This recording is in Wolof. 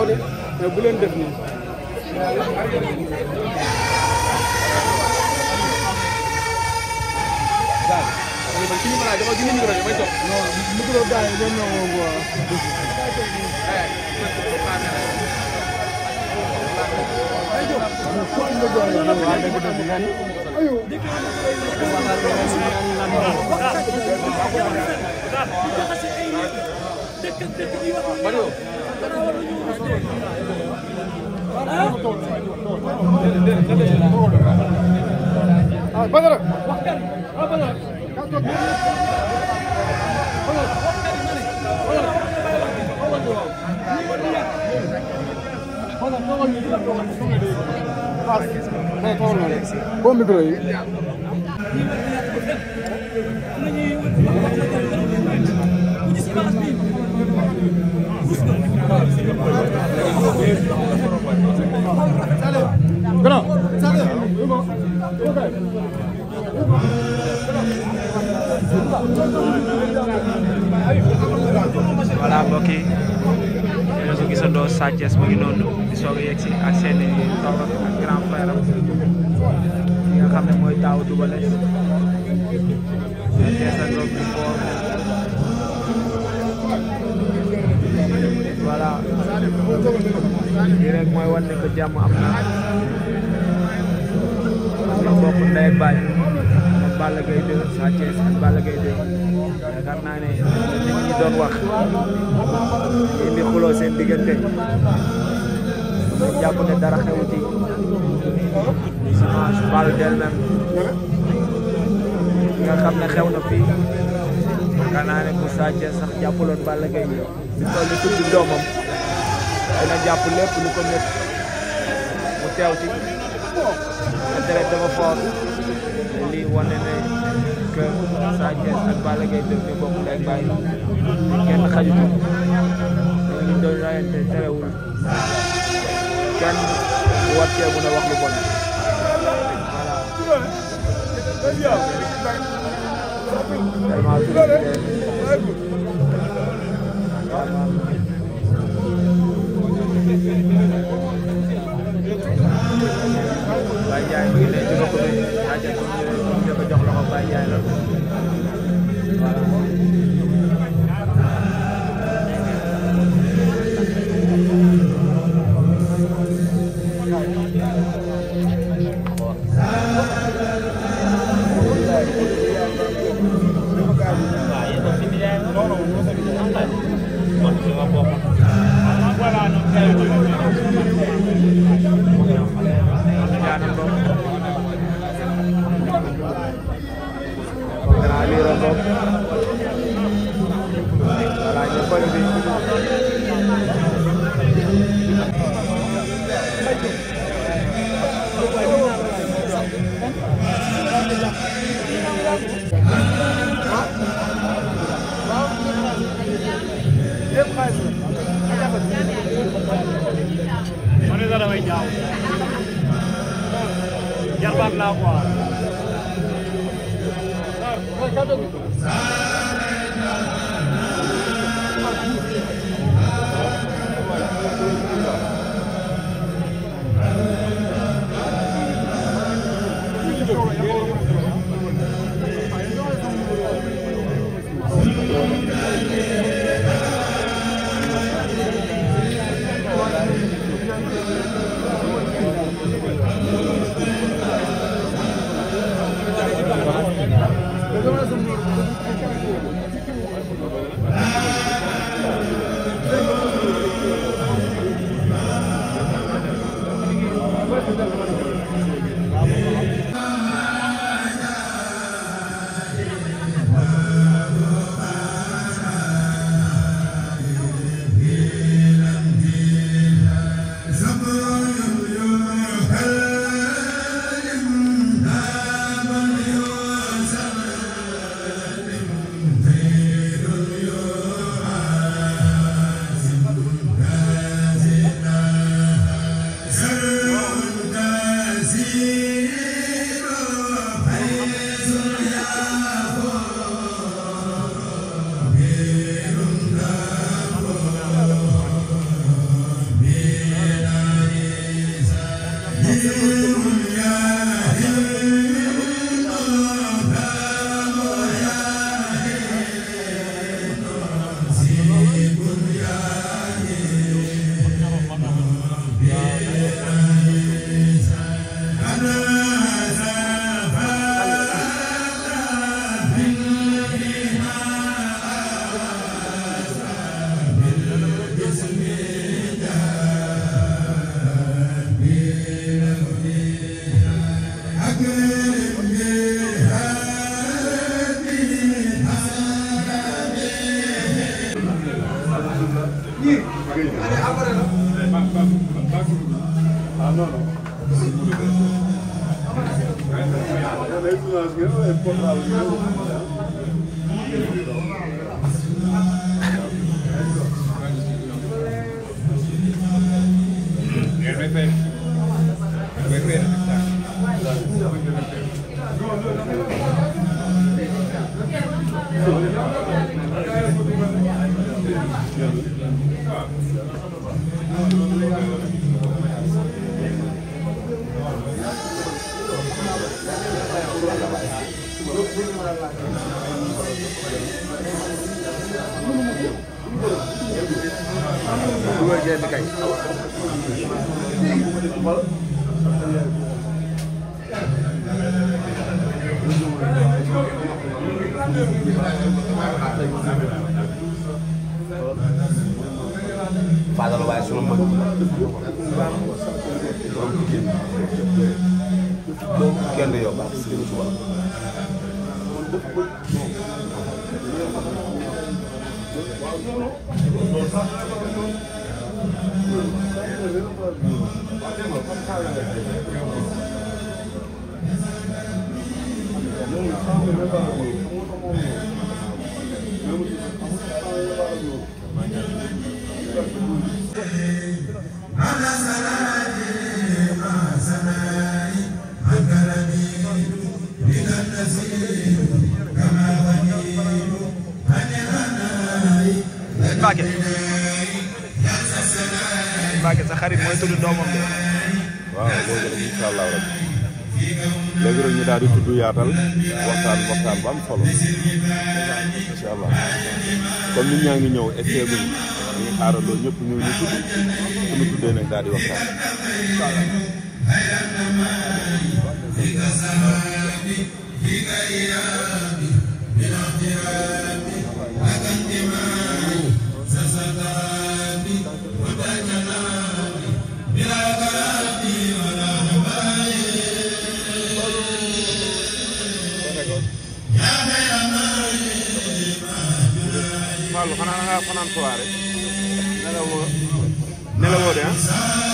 taxaw de mais bu leen def nii. daal man suñu mën a dama gis micro bi may toog. non micro gars yi dañ ñëw quoi. Mario. Bom micro aí. Grand. voilà mbokk yi ñoo ko gisandoo Sa Thiès a seen i toog ak grand frère mooy taawu Double rek mooy wan ne ko jàmm am na am na mbokk ndey ak baay ak Balla Gaye 2 Sa Thiès ak Balla Gaye naa ne nit ñi doon wax di indi xuloo seen diggante ñu jàpp ne dara xewu ci dimanche balle del même nga xam ne xew na fii yaakaar naa ne bu Sa Thiès sax jàppaloon Balla Gaye bi toll doomam dina jàpp lépp lu ko métti mu teew ci intérêt dafa fort lii wane ne que Sa ak Balla Gaye def ni bokk lay bàyyi kenn xaju ko ñu doon rayante terewul kenn wàccee mën a wax lu bon voilà. xam naa quoi Ah, no, no. Fadal waaye sunu mbokk kenn yow baax si li suba Thank you. sëñ Mbacke sa xarit mooy tudd doomam de. waaw léegi rek incha allah rabbi léegi rek ñu daal di tudd yaatal waxtaan waxtaan bu am solo comme nit ñaa ngi ñëw essayé bu ñu ñu xaarandoo ñëpp ñu ñu tudd suñu tuddee nag daal di waxtaan. incha allah. ngaa fanaan soirée nelawoo nelawoo de ah